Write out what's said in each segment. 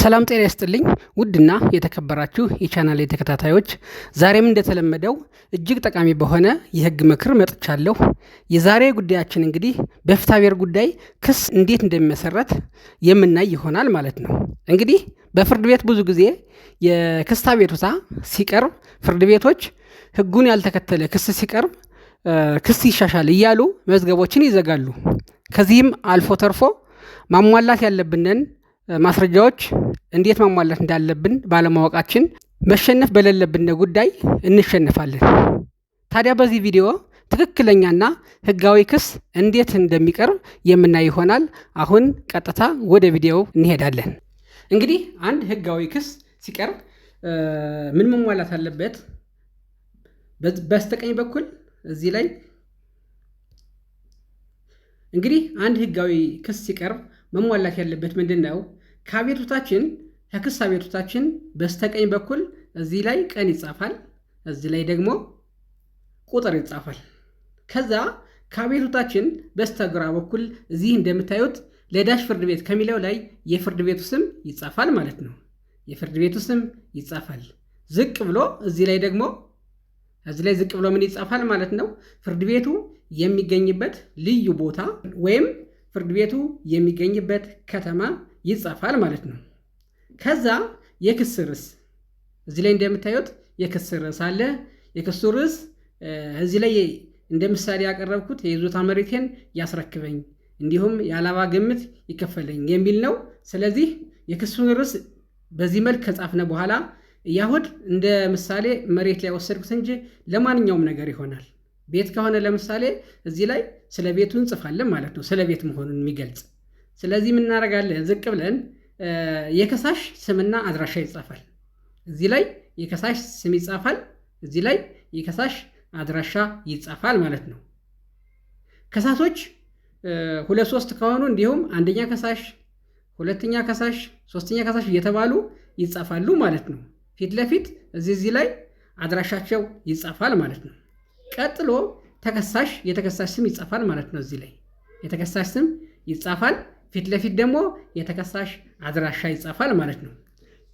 ሰላም ጤና ይስጥልኝ ውድና የተከበራችሁ የቻናል ተከታታዮች፣ ዛሬም እንደተለመደው እጅግ ጠቃሚ በሆነ የህግ ምክር መጥቻለሁ። የዛሬ ጉዳያችን እንግዲህ በፍትሐብሔር ጉዳይ ክስ እንዴት እንደሚመሰረት የምናይ ይሆናል ማለት ነው። እንግዲህ በፍርድ ቤት ብዙ ጊዜ የክስታ ቤቱታ ሲቀርብ ፍርድ ቤቶች ህጉን ያልተከተለ ክስ ሲቀርብ ክስ ይሻሻል እያሉ መዝገቦችን ይዘጋሉ። ከዚህም አልፎ ተርፎ ማሟላት ያለብንን ማስረጃዎች እንዴት ማሟላት እንዳለብን ባለማወቃችን መሸነፍ በሌለብን ጉዳይ እንሸነፋለን። ታዲያ በዚህ ቪዲዮ ትክክለኛና ሕጋዊ ክስ እንዴት እንደሚቀርብ የምናይ ይሆናል። አሁን ቀጥታ ወደ ቪዲዮው እንሄዳለን። እንግዲህ አንድ ሕጋዊ ክስ ሲቀርብ ምን መሟላት አለበት? በስተቀኝ በኩል እዚህ ላይ እንግዲህ አንድ ሕጋዊ ክስ ሲቀርብ መሟላት ያለበት ምንድን ነው? ከአቤቱታችን ከክስ አቤቱታችን በስተቀኝ በኩል እዚህ ላይ ቀን ይጻፋል፣ እዚህ ላይ ደግሞ ቁጥር ይጻፋል። ከዛ ከአቤቱታችን በስተግራ በኩል እዚህ እንደምታዩት ለዳሽ ፍርድ ቤት ከሚለው ላይ የፍርድ ቤቱ ስም ይጻፋል ማለት ነው። የፍርድ ቤቱ ስም ይጻፋል። ዝቅ ብሎ እዚህ ላይ ደግሞ እዚህ ላይ ዝቅ ብሎ ምን ይጻፋል ማለት ነው? ፍርድ ቤቱ የሚገኝበት ልዩ ቦታ ወይም ፍርድ ቤቱ የሚገኝበት ከተማ ይጻፋል ማለት ነው። ከዛ የክስ ርዕስ እዚህ ላይ እንደምታዩት የክስ ርዕስ አለ። የክሱ ርዕስ እዚህ ላይ እንደ ምሳሌ ያቀረብኩት የይዞታ መሬቴን ያስረክበኝ እንዲሁም የአላባ ግምት ይከፈለኝ የሚል ነው። ስለዚህ የክሱን ርዕስ በዚህ መልክ ከጻፍነ በኋላ እያሁድ እንደ ምሳሌ መሬት ላይ ወሰድኩት እንጂ ለማንኛውም ነገር ይሆናል። ቤት ከሆነ ለምሳሌ እዚህ ላይ ስለ ቤቱ እንጽፋለን ማለት ነው፣ ስለ ቤት መሆኑን የሚገልጽ ስለዚህ የምናደርጋለን ዝቅ ብለን የከሳሽ ስምና አድራሻ ይጻፋል። እዚህ ላይ የከሳሽ ስም ይጻፋል፣ እዚህ ላይ የከሳሽ አድራሻ ይጻፋል ማለት ነው። ከሳሶች ሁለት ሶስት ከሆኑ እንዲሁም አንደኛ ከሳሽ፣ ሁለተኛ ከሳሽ፣ ሶስተኛ ከሳሽ እየተባሉ ይጻፋሉ ማለት ነው። ፊት ለፊት እዚህ እዚህ ላይ አድራሻቸው ይጻፋል ማለት ነው። ቀጥሎ ተከሳሽ የተከሳሽ ስም ይጻፋል ማለት ነው። እዚህ ላይ የተከሳሽ ስም ይጻፋል። ፊት ለፊት ደግሞ የተከሳሽ አድራሻ ይጻፋል ማለት ነው።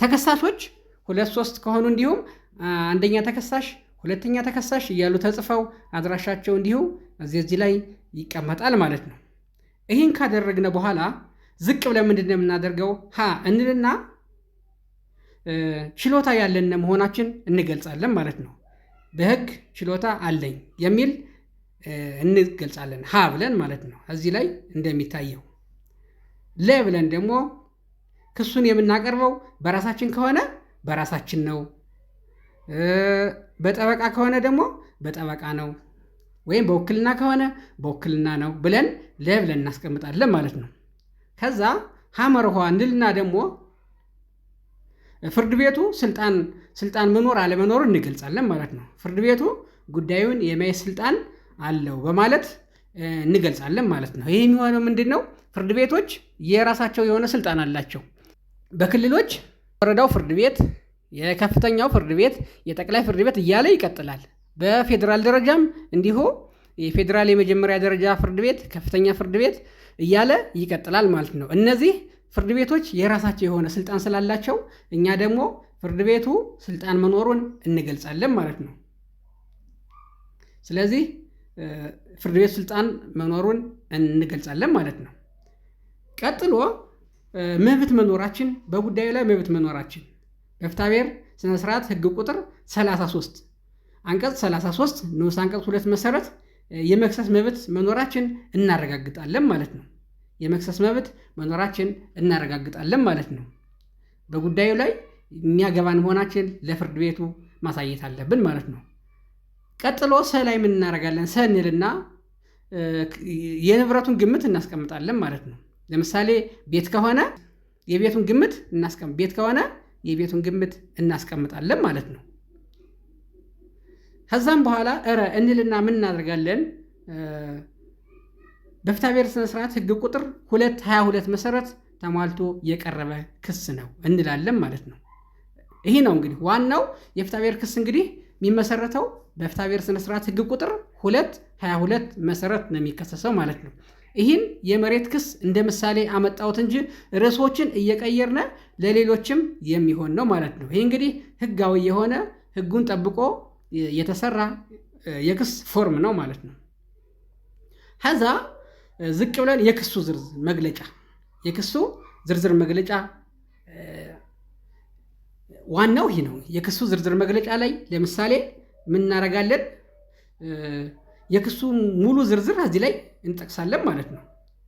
ተከሳሾች ሁለት ሶስት ከሆኑ እንዲሁም አንደኛ ተከሳሽ፣ ሁለተኛ ተከሳሽ እያሉ ተጽፈው አድራሻቸው እንዲሁ እዚህ እዚህ ላይ ይቀመጣል ማለት ነው። ይህን ካደረግነ በኋላ ዝቅ ብለን ምንድን ነው የምናደርገው? ሀ እንልና ችሎታ ያለን መሆናችን እንገልጻለን ማለት ነው። በህግ ችሎታ አለኝ የሚል እንገልጻለን ሀ ብለን ማለት ነው። እዚህ ላይ እንደሚታየው ለብለን ደግሞ ክሱን የምናቀርበው በራሳችን ከሆነ በራሳችን ነው፣ በጠበቃ ከሆነ ደግሞ በጠበቃ ነው፣ ወይም በውክልና ከሆነ በውክልና ነው ብለን ለብለን እናስቀምጣለን ማለት ነው። ከዛ ሐመር ውሃ እንልና ደግሞ ፍርድ ቤቱ ስልጣን ስልጣን መኖር አለመኖሩ እንገልጻለን ማለት ነው። ፍርድ ቤቱ ጉዳዩን የማየት ስልጣን አለው በማለት እንገልጻለን ማለት ነው። ይህ የሚሆነው ምንድን ነው? ፍርድ ቤቶች የራሳቸው የሆነ ስልጣን አላቸው። በክልሎች ወረዳው ፍርድ ቤት፣ የከፍተኛው ፍርድ ቤት፣ የጠቅላይ ፍርድ ቤት እያለ ይቀጥላል። በፌዴራል ደረጃም እንዲሁ የፌዴራል የመጀመሪያ ደረጃ ፍርድ ቤት፣ ከፍተኛ ፍርድ ቤት እያለ ይቀጥላል ማለት ነው። እነዚህ ፍርድ ቤቶች የራሳቸው የሆነ ስልጣን ስላላቸው እኛ ደግሞ ፍርድ ቤቱ ስልጣን መኖሩን እንገልጻለን ማለት ነው። ስለዚህ ፍርድ ቤቱ ስልጣን መኖሩን እንገልጻለን ማለት ነው። ቀጥሎ መብት መኖራችን በጉዳዩ ላይ መብት መኖራችን በፍትሐብሔር ስነስርዓት ህግ ቁጥር 33 አንቀጽ 33 ንዑስ አንቀጽ ሁለት መሰረት የመክሰስ መብት መኖራችን እናረጋግጣለን ማለት ነው። የመክሰስ መብት መኖራችን እናረጋግጣለን ማለት ነው። በጉዳዩ ላይ የሚያገባን መሆናችን ለፍርድ ቤቱ ማሳየት አለብን ማለት ነው። ቀጥሎ ሰ ላይ ምን እናደርጋለን? ሰ እንልና የንብረቱን ግምት እናስቀምጣለን ማለት ነው። ለምሳሌ ቤት ከሆነ የቤቱን ግምት እናስቀም ቤት ከሆነ የቤቱን ግምት እናስቀምጣለን ማለት ነው። ከዛም በኋላ እረ እንልና ምን እናደርጋለን? ብሔር ስነስርዓት ህግ ቁጥር 222 መሰረት ተሟልቶ የቀረበ ክስ ነው እንላለን ማለት ነው። ይህ ነው እንግዲህ ዋናው ብሔር ክስ እንግዲህ የሚመሰረተው ብሔር ስነስርዓት ህግ ቁጥር 222 መሰረት ነው የሚከሰሰው ማለት ነው። ይህን የመሬት ክስ እንደ ምሳሌ አመጣሁት እንጂ ርዕሶችን እየቀየርነ ለሌሎችም የሚሆን ነው ማለት ነው። ይህ እንግዲህ ህጋዊ የሆነ ህጉን ጠብቆ የተሰራ የክስ ፎርም ነው ማለት ነው። ከዛ ዝቅ ብለን የክሱ ዝርዝር መግለጫ የክሱ ዝርዝር መግለጫ ዋናው ይህ ነው። የክሱ ዝርዝር መግለጫ ላይ ለምሳሌ ምን እናደርጋለን? የክሱ ሙሉ ዝርዝር እዚህ ላይ እንጠቅሳለን ማለት ነው።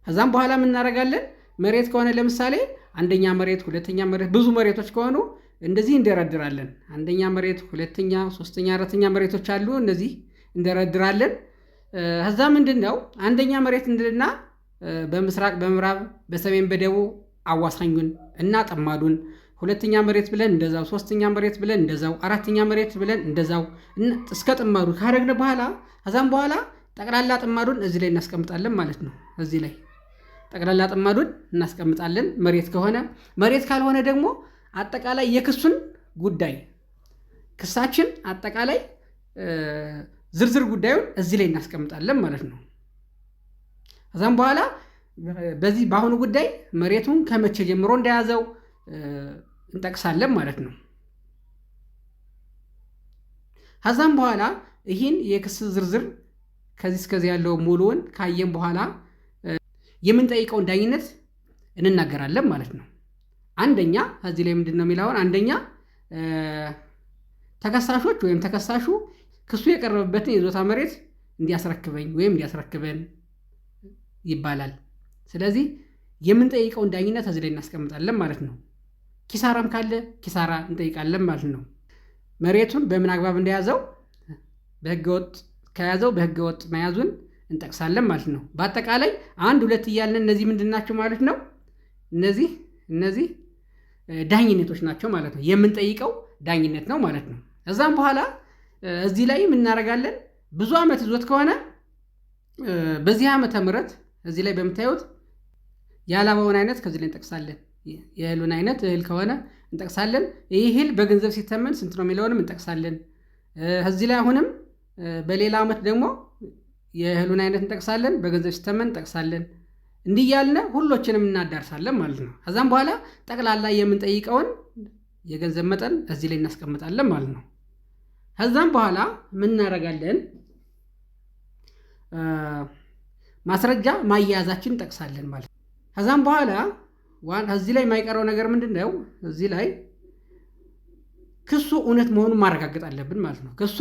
ከዛም በኋላ እናደርጋለን መሬት ከሆነ ለምሳሌ አንደኛ መሬት፣ ሁለተኛ መሬት፣ ብዙ መሬቶች ከሆኑ እንደዚህ እንደረድራለን። አንደኛ መሬት፣ ሁለተኛ፣ ሶስተኛ፣ አራተኛ መሬቶች አሉ። እነዚህ እንደረድራለን። ከዛ ምንድን ነው አንደኛ መሬት እንድልና በምስራቅ በምዕራብ በሰሜን በደቡብ አዋሳኙን እና ጠማዱን ሁለተኛ መሬት ብለን እንደዛው፣ ሶስተኛ መሬት ብለን እንደዛው፣ አራተኛ መሬት ብለን እንደዛው እስከ ጥማዱ ካደረግን በኋላ ከዛም በኋላ ጠቅላላ ጥማዱን እዚህ ላይ እናስቀምጣለን ማለት ነው። እዚህ ላይ ጠቅላላ ጥማዱን እናስቀምጣለን መሬት ከሆነ። መሬት ካልሆነ ደግሞ አጠቃላይ የክሱን ጉዳይ ክሳችን አጠቃላይ ዝርዝር ጉዳዩን እዚህ ላይ እናስቀምጣለን ማለት ነው። ከዛም በኋላ በዚህ በአሁኑ ጉዳይ መሬቱን ከመቼ ጀምሮ እንደያዘው እንጠቅሳለን ማለት ነው። ከዛም በኋላ ይህን የክስ ዝርዝር ከዚህ እስከዚህ ያለው ሙሉውን ካየን በኋላ የምንጠይቀውን ዳኝነት እንናገራለን ማለት ነው። አንደኛ ከዚህ ላይ ምንድን ነው የሚለውን አንደኛ ተከሳሾች ወይም ተከሳሹ ክሱ የቀረበበትን የይዞታ መሬት እንዲያስረክበኝ ወይም እንዲያስረክበን ይባላል። ስለዚህ የምንጠይቀውን ዳኝነት እዚህ ላይ እናስቀምጣለን ማለት ነው። ኪሳራም ካለ ኪሳራ እንጠይቃለን ማለት ነው። መሬቱን በምን አግባብ እንደያዘው በህገወጥ ከያዘው በህገወጥ መያዙን እንጠቅሳለን ማለት ነው። በአጠቃላይ አንድ ሁለት እያልን እነዚህ ምንድን ናቸው ማለት ነው? እነዚህ እነዚህ ዳኝነቶች ናቸው ማለት ነው። የምንጠይቀው ዳኝነት ነው ማለት ነው። እዛም በኋላ እዚህ ላይ እናደርጋለን። ብዙ ዓመት ይዞት ከሆነ በዚህ ዓመተ ምህረት እዚህ ላይ በምታዩት የዓላማውን አይነት ከዚህ ላይ እንጠቅሳለን። የእህሉን አይነት እህል ከሆነ እንጠቅሳለን። ይህ እህል በገንዘብ ሲተመን ስንት ነው የሚለውንም እንጠቅሳለን። እዚህ ላይ አሁንም በሌላ ዓመት ደግሞ የእህሉን አይነት እንጠቅሳለን፣ በገንዘብ ሲተመን እንጠቅሳለን። እንዲህ ያልነ ሁሎችንም እናዳርሳለን ማለት ነው። ከዛም በኋላ ጠቅላላ የምንጠይቀውን የገንዘብ መጠን እዚህ ላይ እናስቀምጣለን ማለት ነው። ከዛም በኋላ ምን እናደርጋለን? ማስረጃ ማያያዛችን እንጠቅሳለን ማለት ነው። ከዛም በኋላ ዋን እዚህ ላይ የማይቀረው ነገር ምንድን ነው? እዚህ ላይ ክሱ እውነት መሆኑን ማረጋገጥ አለብን ማለት ነው። ክሱ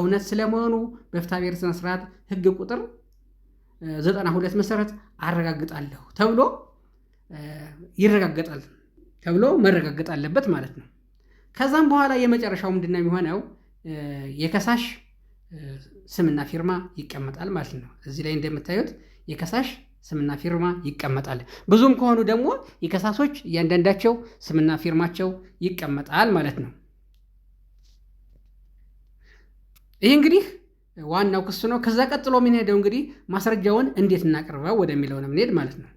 እውነት ስለመሆኑ በፍትሐ ብሔር ስነ ስርዓት ህግ ቁጥር 92 መሰረት አረጋግጣለሁ ተብሎ ይረጋገጣል ተብሎ መረጋገጥ አለበት ማለት ነው። ከዛም በኋላ የመጨረሻው ምንድነው የሚሆነው? የከሳሽ ስምና ፊርማ ይቀመጣል ማለት ነው። እዚህ ላይ እንደምታዩት የከሳሽ ስምና ፊርማ ይቀመጣል። ብዙም ከሆኑ ደግሞ የከሳሶች እያንዳንዳቸው ስምና ፊርማቸው ይቀመጣል ማለት ነው። ይህ እንግዲህ ዋናው ክሱ ነው። ከዛ ቀጥሎ የምንሄደው እንግዲህ ማስረጃውን እንዴት እናቀርበው ወደሚለው ነው የምንሄድ ማለት ነው።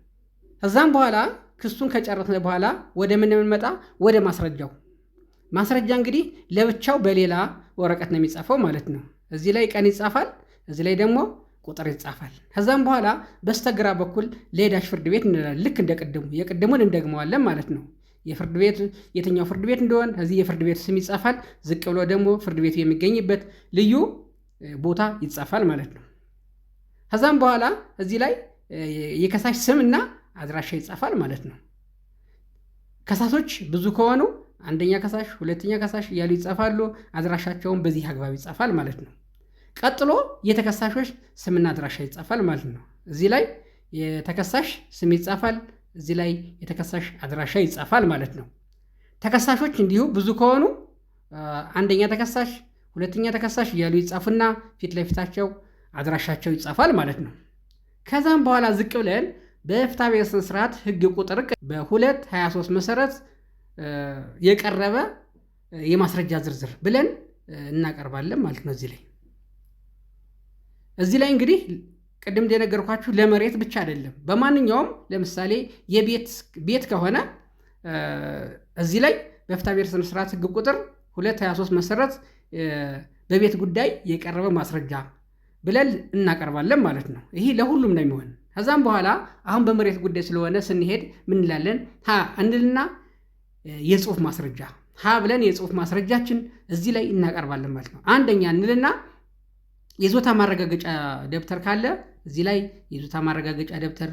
ከዛም በኋላ ክሱን ከጨረስን በኋላ ወደ ምን የምንመጣ ወደ ማስረጃው። ማስረጃ እንግዲህ ለብቻው በሌላ ወረቀት ነው የሚጻፈው ማለት ነው። እዚህ ላይ ቀን ይጻፋል፣ እዚህ ላይ ደግሞ ቁጥር ይጻፋል። ከዛም በኋላ በስተግራ በኩል ለሄዳሽ ፍርድ ቤት እንላለን። ልክ እንደ ቅድሙ የቅድሙን እንደግመዋለን ማለት ነው። የፍርድ ቤት የትኛው ፍርድ ቤት እንደሆን ከዚህ የፍርድ ቤት ስም ይጻፋል። ዝቅ ብሎ ደግሞ ፍርድ ቤቱ የሚገኝበት ልዩ ቦታ ይጻፋል ማለት ነው። ከዛም በኋላ እዚህ ላይ የከሳሽ ስም እና አድራሻ ይጻፋል ማለት ነው። ከሳሶች ብዙ ከሆኑ አንደኛ ከሳሽ፣ ሁለተኛ ከሳሽ እያሉ ይጻፋሉ። አድራሻቸውን በዚህ አግባብ ይጻፋል ማለት ነው። ቀጥሎ የተከሳሾች ስምና አድራሻ ይጻፋል ማለት ነው። እዚህ ላይ የተከሳሽ ስም ይጻፋል፣ እዚህ ላይ የተከሳሽ አድራሻ ይጻፋል ማለት ነው። ተከሳሾች እንዲሁ ብዙ ከሆኑ አንደኛ ተከሳሽ፣ ሁለተኛ ተከሳሽ እያሉ ይጻፉና ፊት ለፊታቸው አድራሻቸው ይጻፋል ማለት ነው። ከዛም በኋላ ዝቅ ብለን በፍትሐ ብሔር ሥነ ሥርዓት ሕግ ቁጥር በ223 መሰረት የቀረበ የማስረጃ ዝርዝር ብለን እናቀርባለን ማለት ነው እዚህ ላይ እዚህ ላይ እንግዲህ ቅድም እንደነገርኳችሁ ለመሬት ብቻ አይደለም። በማንኛውም ለምሳሌ የቤት ቤት ከሆነ እዚህ ላይ በፍትሐ ብሔር ሥነ ሥርዓት ቁጥር 223 መሰረት በቤት ጉዳይ የቀረበ ማስረጃ ብለን እናቀርባለን ማለት ነው። ይህ ለሁሉም ነው የሚሆን። ከዛም በኋላ አሁን በመሬት ጉዳይ ስለሆነ ስንሄድ ምን እንላለን? ሀ እንልና የጽሁፍ ማስረጃ ሀ ብለን የጽሁፍ ማስረጃችን እዚህ ላይ እናቀርባለን ማለት ነው። አንደኛ እንልና የዞታ ማረጋገጫ ደብተር ካለ እዚህ ላይ የዞታ ማረጋገጫ ደብተር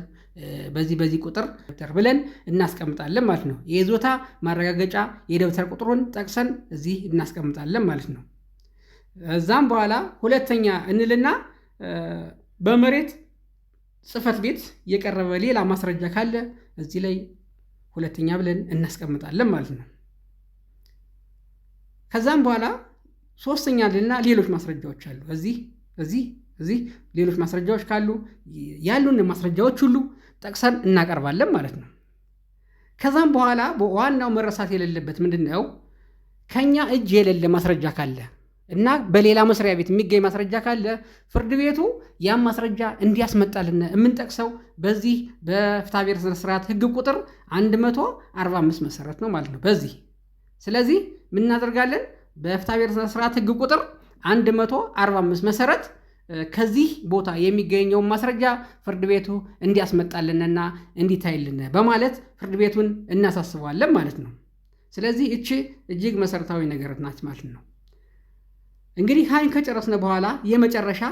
በዚህ በዚህ ቁጥር ደብተር ብለን እናስቀምጣለን ማለት ነው። የዞታ ማረጋገጫ የደብተር ቁጥሩን ጠቅሰን እዚህ እናስቀምጣለን ማለት ነው። እዛም በኋላ ሁለተኛ እንልና በመሬት ጽህፈት ቤት የቀረበ ሌላ ማስረጃ ካለ እዚህ ላይ ሁለተኛ ብለን እናስቀምጣለን ማለት ነው። ከዛም በኋላ ሶስተኛ እንልና ሌሎች ማስረጃዎች አሉ እዚህ እዚህ እዚህ ሌሎች ማስረጃዎች ካሉ ያሉን ማስረጃዎች ሁሉ ጠቅሰን እናቀርባለን ማለት ነው። ከዛም በኋላ ዋናው መረሳት የሌለበት ምንድን ነው? ከኛ እጅ የሌለ ማስረጃ ካለ እና በሌላ መስሪያ ቤት የሚገኝ ማስረጃ ካለ ፍርድ ቤቱ ያም ማስረጃ እንዲያስመጣልን የምንጠቅሰው በዚህ በፍትሐብሔር ሥነ ሥርዓት ሕግ ቁጥር 145 መሰረት ነው ማለት ነው። በዚህ ስለዚህ ምን እናደርጋለን? በፍትሐብሔር ስነስርዓት ህግ ቁጥር 145 መሰረት ከዚህ ቦታ የሚገኘውን ማስረጃ ፍርድ ቤቱ እንዲያስመጣልንና እንዲታይልን በማለት ፍርድ ቤቱን እናሳስበዋለን ማለት ነው። ስለዚህ እቺ እጅግ መሰረታዊ ነገር ናት ማለት ነው። እንግዲህ ሀይን ከጨረስነ በኋላ የመጨረሻ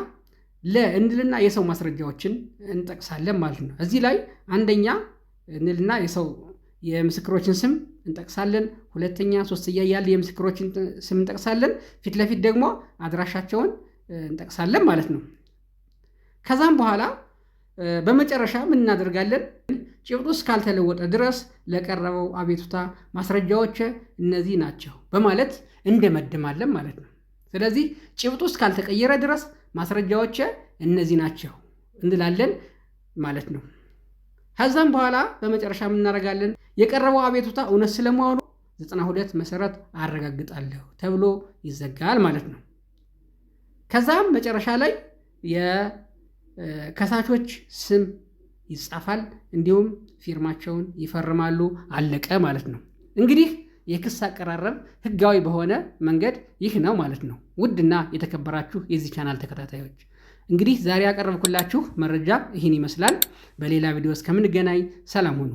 ለእንልና የሰው ማስረጃዎችን እንጠቅሳለን ማለት ነው። እዚህ ላይ አንደኛ እንልና የሰው የምስክሮችን ስም እንጠቅሳለን። ሁለተኛ፣ ሶስት እያያለ የምስክሮችን ስም እንጠቅሳለን። ፊት ለፊት ደግሞ አድራሻቸውን እንጠቅሳለን ማለት ነው። ከዛም በኋላ በመጨረሻ ምን እናደርጋለን? ጭብጡ እስካልተለወጠ ድረስ ለቀረበው አቤቱታ ማስረጃዎች እነዚህ ናቸው በማለት እንደመድማለን ማለት ነው። ስለዚህ ጭብጡ እስካልተቀየረ ድረስ ማስረጃዎች እነዚህ ናቸው እንላለን ማለት ነው። ከዛም በኋላ በመጨረሻ የምናደርጋለን የቀረበው አቤቱታ እውነት ስለመሆኑ 92 መሰረት አረጋግጣለሁ ተብሎ ይዘጋል ማለት ነው። ከዛም መጨረሻ ላይ የከሳቾች ስም ይጻፋል፣ እንዲሁም ፊርማቸውን ይፈርማሉ። አለቀ ማለት ነው። እንግዲህ የክስ አቀራረብ ህጋዊ በሆነ መንገድ ይህ ነው ማለት ነው። ውድና የተከበራችሁ የዚህ ቻናል ተከታታዮች እንግዲህ ዛሬ ያቀረብኩላችሁ መረጃ ይህን ይመስላል። በሌላ ቪዲዮ እስከምንገናኝ ሰላም ሁኑ።